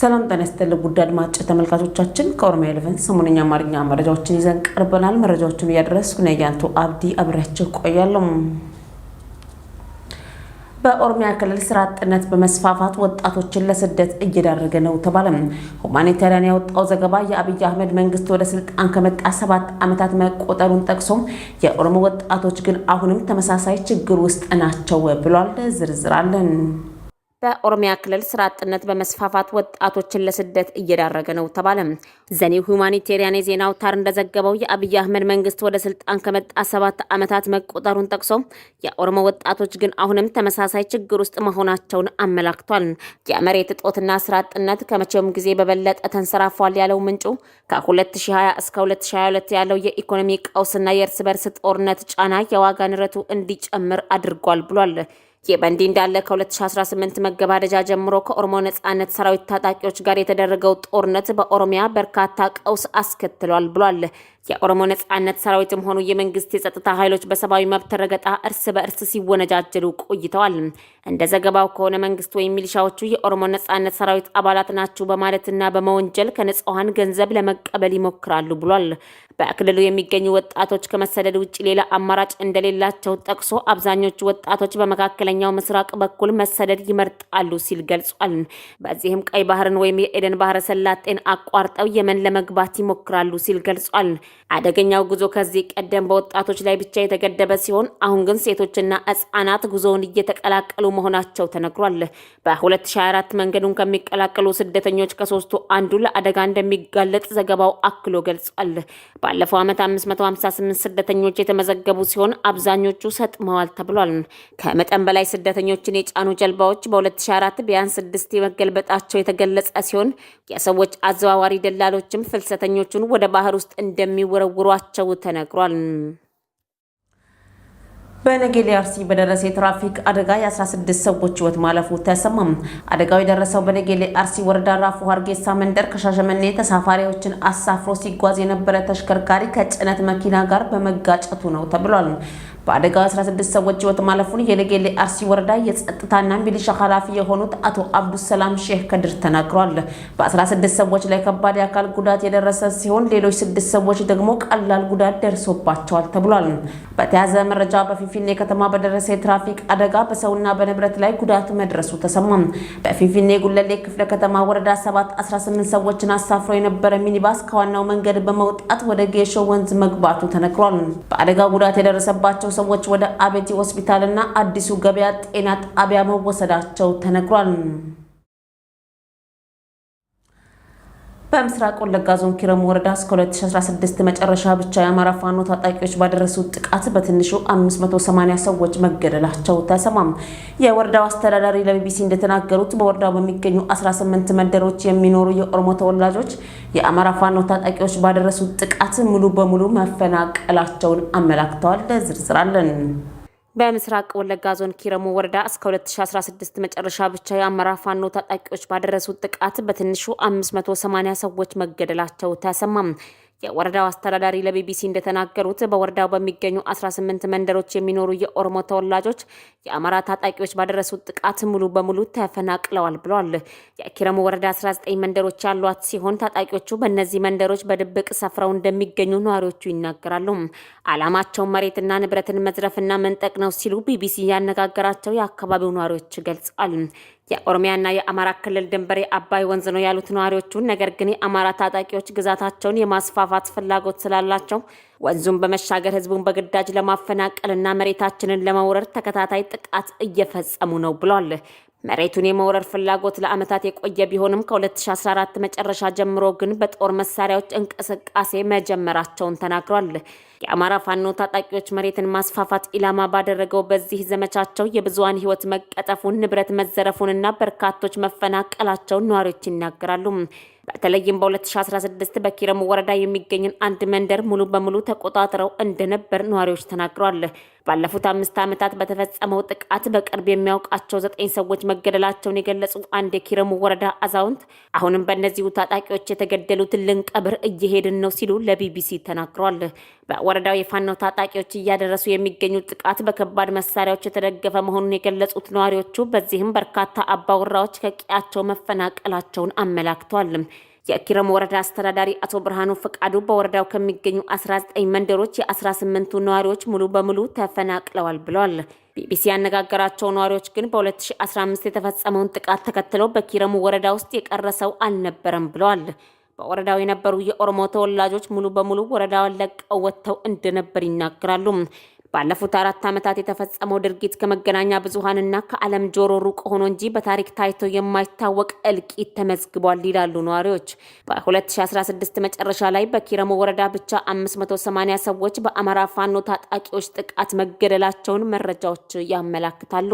ሰላም ጤና ይስጥልኝ ውድ አድማጭ ተመልካቾቻችን፣ ከኦሮሚያ ኤሌቨን ሰሞነኛ አማርኛ መረጃዎችን ይዘን ቀርበናል። መረጃዎቹን እያደረስኩ ነው ያንቱ አብዲ አብሬያቸው ቆያለሁ። በኦሮሚያ ክልል ስራ አጥነት በመስፋፋት ወጣቶችን ለስደት እየዳረገ ነው ተባለ። ሁማኒታሪያን ያወጣው ዘገባ የአብይ አህመድ መንግስት ወደ ስልጣን ከመጣ ሰባት ዓመታት መቆጠሩን ጠቅሶ የኦሮሞ ወጣቶች ግን አሁንም ተመሳሳይ ችግር ውስጥ ናቸው ብሏል። ዝርዝር አለን። በኦሮሚያ ክልል ስራ አጥነት በመስፋፋት ወጣቶችን ለስደት እየዳረገ ነው ተባለ። ዘኒው ሁማኒቴሪያን የዜና አውታር እንደዘገበው የአብይ አህመድ መንግስት ወደ ስልጣን ከመጣ ሰባት ዓመታት መቆጠሩን ጠቅሶ የኦሮሞ ወጣቶች ግን አሁንም ተመሳሳይ ችግር ውስጥ መሆናቸውን አመላክቷል። የመሬት እጦትና ስራ አጥነት ከመቼውም ጊዜ በበለጠ ተንሰራፏል ያለው ምንጩ ከ2020 እስከ 2022 ያለው የኢኮኖሚ ቀውስና የእርስ በርስ ጦርነት ጫና የዋጋ ንረቱ እንዲጨምር አድርጓል ብሏል። ይህ በእንዲህ እንዳለ ከ2018 መገባደጃ ጀምሮ ከኦሮሞ ነጻነት ሰራዊት ታጣቂዎች ጋር የተደረገው ጦርነት በኦሮሚያ በርካታ ቀውስ አስከትሏል ብሏል። የኦሮሞ ነጻነት ሰራዊትም ሆኑ የመንግስት የጸጥታ ኃይሎች በሰብአዊ መብት ረገጣ እርስ በእርስ ሲወነጃጀሉ ቆይተዋል። እንደ ዘገባው ከሆነ መንግስት ወይም ሚሊሻዎቹ የኦሮሞ ነጻነት ሰራዊት አባላት ናችሁ በማለትና በመወንጀል ከንጽሐን ገንዘብ ለመቀበል ይሞክራሉ ብሏል። በክልሉ የሚገኙ ወጣቶች ከመሰደድ ውጭ ሌላ አማራጭ እንደሌላቸው ጠቅሶ አብዛኞቹ ወጣቶች በመካከለኛው ምስራቅ በኩል መሰደድ ይመርጣሉ ሲል ገልጿል። በዚህም ቀይ ባህርን ወይም የኤደን ባህረ ሰላጤን አቋርጠው የመን ለመግባት ይሞክራሉ ሲል ገልጿል። አደገኛው ጉዞ ከዚህ ቀደም በወጣቶች ላይ ብቻ የተገደበ ሲሆን አሁን ግን ሴቶችና ህጻናት ጉዞውን እየተቀላቀሉ መሆናቸው ተነግሯል። በ2024 መንገዱን ከሚቀላቀሉ ስደተኞች ከሶስቱ አንዱ ለአደጋ እንደሚጋለጥ ዘገባው አክሎ ገልጿል። ባለፈው ዓመት 558 ስደተኞች የተመዘገቡ ሲሆን አብዛኞቹ ሰጥመዋል ተብሏል። ከመጠን በላይ ስደተኞችን የጫኑ ጀልባዎች በ2024 ቢያንስ ስድስት መገልበጣቸው የተገለጸ ሲሆን የሰዎች አዘዋዋሪ ደላሎችም ፍልሰተኞቹን ወደ ባህር ውስጥ እንደሚወረውሯቸው ተነግሯል። በነጌሌ አርሲ በደረሰ የትራፊክ አደጋ የ16 ሰዎች ህይወት ማለፉ ተሰማም። አደጋው የደረሰው በነጌሌ አርሲ ወረዳ ራፉ ሀርጌሳ መንደር ከሻሸመኔ ተሳፋሪዎችን አሳፍሮ ሲጓዝ የነበረ ተሽከርካሪ ከጭነት መኪና ጋር በመጋጨቱ ነው ተብሏል። በአደጋ 16 ሰዎች ህይወት ማለፉን የነጌሌ አርሲ ወረዳ የጸጥታና ሚሊሻ ኃላፊ የሆኑት አቶ አብዱሰላም ሼህ ከድር ተናግሯል። በ16 ሰዎች ላይ ከባድ የአካል ጉዳት የደረሰ ሲሆን ሌሎች ስድስት ሰዎች ደግሞ ቀላል ጉዳት ደርሶባቸዋል ተብሏል። በተያዘ መረጃ በፊንፊኔ ከተማ በደረሰ የትራፊክ አደጋ በሰውና በንብረት ላይ ጉዳት መድረሱ ተሰማ። በፊንፊኔ ጉለሌ ክፍለ ከተማ ወረዳ 7 18 ሰዎችን አሳፍሮ የነበረ ሚኒባስ ከዋናው መንገድ በመውጣት ወደ ጌሾ ወንዝ መግባቱ ተነግሯል። በአደጋ ጉዳት የደረሰባቸው ሰዎች ወደ አቤቲ ሆስፒታልና አዲሱ ገበያ ጤና ጣቢያ መወሰዳቸው ተነግሯል። በምስራቅ ወለጋ ዞን ኪረሙ ወረዳ እስከ 2016 መጨረሻ ብቻ የአማራ ፋኖ ታጣቂዎች ባደረሱት ጥቃት በትንሹ 580 ሰዎች መገደላቸው ተሰማም። የወረዳው አስተዳዳሪ ለቢቢሲ እንደተናገሩት በወረዳው በሚገኙ 18 መንደሮች የሚኖሩ የኦሮሞ ተወላጆች የአማራ ፋኖ ታጣቂዎች ባደረሱት ጥቃት ሙሉ በሙሉ መፈናቀላቸውን አመላክተዋል። ዝርዝር አለን። በምስራቅ ወለጋ ዞን ኪረሙ ወረዳ እስከ 2016 መጨረሻ ብቻ የአመራር ፋኖ ታጣቂዎች ባደረሱት ጥቃት በትንሹ 580 ሰዎች መገደላቸው ተሰማም። የወረዳው አስተዳዳሪ ለቢቢሲ እንደተናገሩት በወረዳው በሚገኙ 18 መንደሮች የሚኖሩ የኦሮሞ ተወላጆች የአማራ ታጣቂዎች ባደረሱት ጥቃት ሙሉ በሙሉ ተፈናቅለዋል ብለዋል። የኪረሙ ወረዳ 19 መንደሮች ያሏት ሲሆን ታጣቂዎቹ በእነዚህ መንደሮች በድብቅ ሰፍረው እንደሚገኙ ነዋሪዎቹ ይናገራሉ። አላማቸው መሬትና ንብረትን መዝረፍና መንጠቅ ነው ሲሉ ቢቢሲ ያነጋገራቸው የአካባቢው ነዋሪዎች ገልጸዋል። የኦሮሚያና የአማራ ክልል ድንበር የአባይ ወንዝ ነው ያሉት ነዋሪዎቹ፣ ነገር ግን የአማራ ታጣቂዎች ግዛታቸውን የማስፋፋት ፍላጎት ስላላቸው ወንዙን በመሻገር ህዝቡን በግዳጅ ለማፈናቀልና መሬታችንን ለመውረር ተከታታይ ጥቃት እየፈጸሙ ነው ብሏል። መሬቱን የመውረር ፍላጎት ለዓመታት የቆየ ቢሆንም ከ2014 መጨረሻ ጀምሮ ግን በጦር መሳሪያዎች እንቅስቃሴ መጀመራቸውን ተናግሯል። የአማራ ፋኖ ታጣቂዎች መሬትን ማስፋፋት ኢላማ ባደረገው በዚህ ዘመቻቸው የብዙሃን ህይወት መቀጠፉን፣ ንብረት መዘረፉንና በርካቶች መፈናቀላቸውን ነዋሪዎች ይናገራሉ። በተለይም በ2016 በኪረሙ ወረዳ የሚገኝን አንድ መንደር ሙሉ በሙሉ ተቆጣጥረው እንደነበር ነዋሪዎች ተናግሯል ባለፉት አምስት ዓመታት በተፈጸመው ጥቃት በቅርብ የሚያውቃቸው ዘጠኝ ሰዎች መገደላቸውን የገለጹ አንድ የኪረሙ ወረዳ አዛውንት አሁንም በእነዚሁ ታጣቂዎች የተገደሉትን ልንቀብር እየሄድን ነው ሲሉ ለቢቢሲ ተናግሯል በወረዳው የፋኖ ታጣቂዎች እያደረሱ የሚገኙት ጥቃት በከባድ መሳሪያዎች የተደገፈ መሆኑን የገለጹት ነዋሪዎቹ በዚህም በርካታ አባወራዎች ከቀያቸው መፈናቀላቸውን አመላክተዋል። የኪረም ወረዳ አስተዳዳሪ አቶ ብርሃኑ ፈቃዱ በወረዳው ከሚገኙ 19 መንደሮች የ18ቱ ነዋሪዎች ሙሉ በሙሉ ተፈናቅለዋል ብለዋል። ቢቢሲ ያነጋገራቸው ነዋሪዎች ግን በ2015 የተፈጸመውን ጥቃት ተከትለው በኪረሙ ወረዳ ውስጥ የቀረ ሰው አልነበረም ብለዋል። በወረዳው የነበሩ የኦሮሞ ተወላጆች ሙሉ በሙሉ ወረዳውን ለቀው ወጥተው እንደነበር ይናገራሉ። ባለፉት አራት ዓመታት የተፈጸመው ድርጊት ከመገናኛ ብዙሃንና ከዓለም ጆሮ ሩቅ ሆኖ እንጂ በታሪክ ታይቶ የማይታወቅ እልቂት ተመዝግቧል ይላሉ ነዋሪዎች። በ2016 መጨረሻ ላይ በኪረሙ ወረዳ ብቻ 580 ሰዎች በአማራ ፋኖ ታጣቂዎች ጥቃት መገደላቸውን መረጃዎች ያመላክታሉ።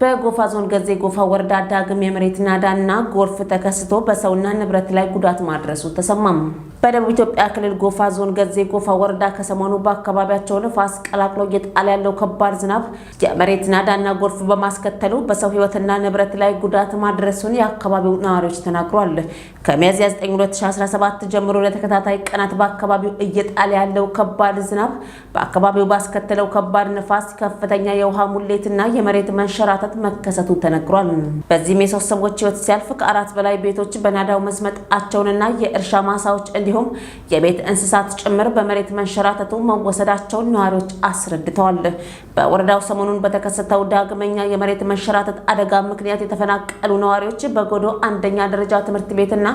በጎፋ ዞን ገዜ ጎፋ ወረዳ ዳግም የመሬት ናዳ ጎርፍ ተከስቶ በሰውና ንብረት ላይ ጉዳት ማድረሱ ተሰማም። በደቡብ ኢትዮጵያ ክልል ጎፋ ዞን ገዜ ጎፋ ወረዳ ከሰሞኑ በአካባቢያቸው ንፋስ ቀላቅሎ እየጣለ ያለው ከባድ ዝናብ የመሬት ናዳና ጎርፍ በማስከተሉ በሰው ሕይወትና ንብረት ላይ ጉዳት ማድረሱን የአካባቢው ነዋሪዎች ተናግሯል። ከሚያዝያ 9 2017 ጀምሮ ለተከታታይ ቀናት በአካባቢው እየጣለ ያለው ከባድ ዝናብ በአካባቢው ባስከተለው ከባድ ንፋስ ከፍተኛ የውሃ ሙሌትና የመሬት መንሸራተት መከሰቱ ተነግሯል። በዚህም የሶስት ሰዎች ሕይወት ሲያልፍ ከአራት በላይ ቤቶች በናዳው መስመጣቸውንና የእርሻ ማሳዎች እንዲሁ እንዲሁም የቤት እንስሳት ጭምር በመሬት መንሸራተቱ መወሰዳቸውን ነዋሪዎች አስረድተዋል። በወረዳው ሰሞኑን በተከሰተው ዳግመኛ የመሬት መንሸራተት አደጋ ምክንያት የተፈናቀሉ ነዋሪዎች በጎዶ አንደኛ ደረጃ ትምህርት ቤትና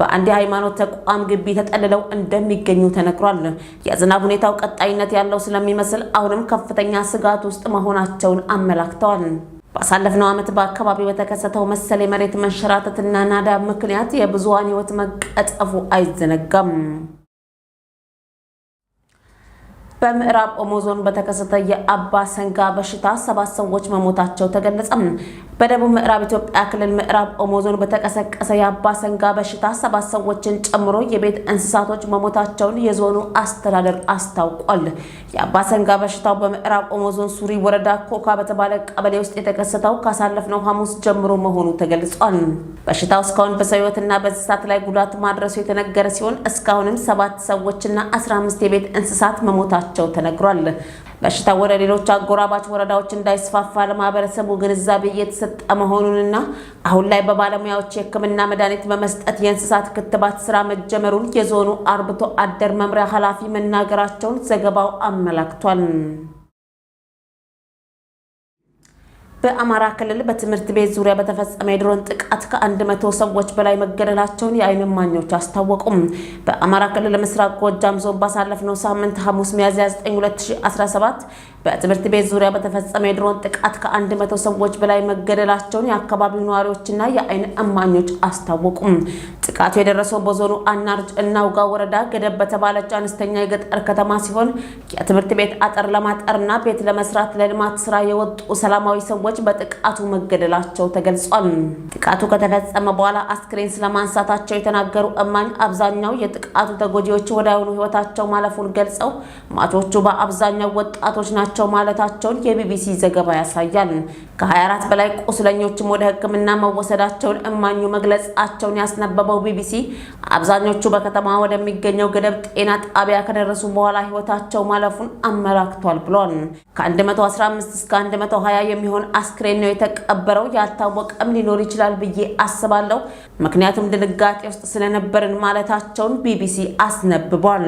በአንድ የሃይማኖት ተቋም ግቢ ተጠልለው እንደሚገኙ ተነግሯል። የዝናብ ሁኔታው ቀጣይነት ያለው ስለሚመስል አሁንም ከፍተኛ ስጋት ውስጥ መሆናቸውን አመላክተዋል። ባሳለፍነው ዓመት በአካባቢው በተከሰተው መሰል የመሬት መንሸራተትና ናዳ ምክንያት የብዙሃን ህይወት መቀጠፉ አይዘነጋም። በምዕራብ ኦሞ ዞን በተከሰተ የአባ ሰንጋ በሽታ ሰባት ሰዎች መሞታቸው ተገለጸም። በደቡብ ምዕራብ ኢትዮጵያ ክልል ምዕራብ ኦሞ ዞን በተቀሰቀሰ የአባሰንጋ በሽታ ሰባት ሰዎችን ጨምሮ የቤት እንስሳቶች መሞታቸውን የዞኑ አስተዳደር አስታውቋል። የአባሰንጋ በሽታው በምዕራብ ኦሞ ዞን ሱሪ ወረዳ ኮካ በተባለ ቀበሌ ውስጥ የተከሰተው ካሳለፍነው ሐሙስ ጀምሮ መሆኑ ተገልጿል። በሽታው እስካሁን በሰው ሕይወትና በእንስሳት ላይ ጉዳት ማድረሱ የተነገረ ሲሆን እስካሁንም ሰባት ሰዎችና 15 የቤት እንስሳት መሞታቸው ተነግሯል። በሽታ ወደ ሌሎች አጎራባች ወረዳዎች እንዳይስፋፋ ለማህበረሰቡ ግንዛቤ እየተሰጠ መሆኑንና አሁን ላይ በባለሙያዎች የሕክምና መድኃኒት በመስጠት የእንስሳት ክትባት ስራ መጀመሩን የዞኑ አርብቶ አደር መምሪያ ኃላፊ መናገራቸውን ዘገባው አመላክቷል። በአማራ ክልል በትምህርት ቤት ዙሪያ በተፈጸመ የድሮን ጥቃት ከአንድ መቶ ሰዎች በላይ መገደላቸውን የዓይን እማኞች አስታወቁም። በአማራ ክልል ምስራቅ ጎጃም ዞን ባሳለፍነው ሳምንት ሐሙስ ሚያዝያ 9 2017 በትምህርት ቤት ዙሪያ በተፈጸመ የድሮን ጥቃት ከአንድ መቶ ሰዎች በላይ መገደላቸውን የአካባቢው ነዋሪዎችና የአይን እማኞች አስታወቁም። ጥቃቱ የደረሰው በዞኑ አናርጅ ውጋ ወረዳ ገደብ በተባለች አነስተኛ የገጠር ከተማ ሲሆን የትምህርት ቤት አጥር ለማጠርና ቤት ለመስራት ለልማት ስራ የወጡ ሰላማዊ ሰዎች በጥቃቱ መገደላቸው ተገልጿል። ጥቃቱ ከተፈጸመ በኋላ አስክሬን ስለማንሳታቸው የተናገሩ እማኝ አብዛኛው የጥቃቱ ተጎጂዎች ወዲያውኑ ህይወታቸው ማለፉን ገልጸው ማቾቹ በአብዛኛው ወጣቶች ናቸው ናቸው ማለታቸውን የቢቢሲ ዘገባ ያሳያል። ከ24 በላይ ቁስለኞችም ወደ ሕክምና መወሰዳቸውን እማኙ መግለጻቸውን ያስነበበው ቢቢሲ አብዛኞቹ በከተማ ወደሚገኘው ገደብ ጤና ጣቢያ ከደረሱ በኋላ ሕይወታቸው ማለፉን አመላክቷል ብሏል። ከ115 እስከ 120 የሚሆን አስክሬን ነው የተቀበረው። ያልታወቀም ሊኖር ይችላል ብዬ አስባለሁ፣ ምክንያቱም ድንጋጤ ውስጥ ስለነበርን ማለታቸውን ቢቢሲ አስነብቧል።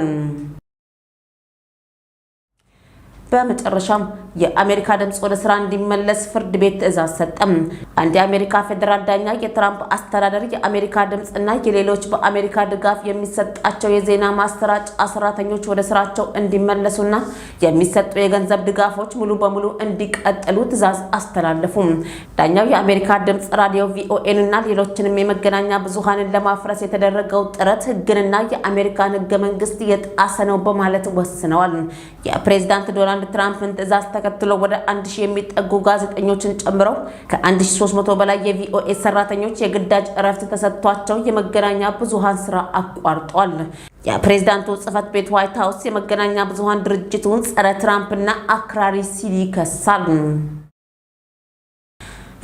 በመጨረሻም የአሜሪካ ድምፅ ወደ ስራ እንዲመለስ ፍርድ ቤት ትዕዛዝ ሰጠም። አንድ የአሜሪካ ፌዴራል ዳኛ የትራምፕ አስተዳደር የአሜሪካ ድምፅ እና የሌሎች በአሜሪካ ድጋፍ የሚሰጣቸው የዜና ማሰራጫ ሰራተኞች ወደ ስራቸው እንዲመለሱና የሚሰጡ የገንዘብ ድጋፎች ሙሉ በሙሉ እንዲቀጥሉ ትዕዛዝ አስተላለፉም። ዳኛው የአሜሪካ ድምፅ ራዲዮ ቪኦኤን እና ሌሎችንም የመገናኛ ብዙሃንን ለማፍረስ የተደረገው ጥረት ህግንና የአሜሪካን ህገ መንግስት የጣሰ ነው በማለት ወስነዋል። የፕሬዚዳንት ዶናልድ ትራምፕን ትዕዛዝ ተከትሎ ወደ 1000 የሚጠጉ ጋዜጠኞችን ጨምረው ከ1300 በላይ የቪኦኤ ሰራተኞች የግዳጅ እረፍት ተሰጥቷቸው የመገናኛ ብዙሃን ስራ አቋርጧል። የፕሬዝዳንቱ ጽህፈት ቤት ዋይት ሀውስ የመገናኛ ብዙሃን ድርጅቱን ጸረ ትራምፕና አክራሪ ሲል ይከሳል።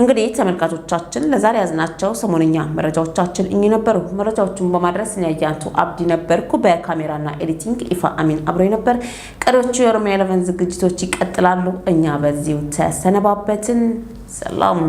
እንግዲህ ተመልካቾቻችን ለዛሬ ያዝናቸው ሰሞንኛ መረጃዎቻችን እኚህ ነበሩ። መረጃዎቹን በማድረስ ኒያያንቱ አብዲ ነበርኩ። በካሜራና ኤዲቲንግ ኢፋ አሚን አብሮ ነበር። ቀሪዎቹ የኦሮሚያ ኤሌቨን ዝግጅቶች ይቀጥላሉ። እኛ በዚሁ ተሰነባበትን። ሰላም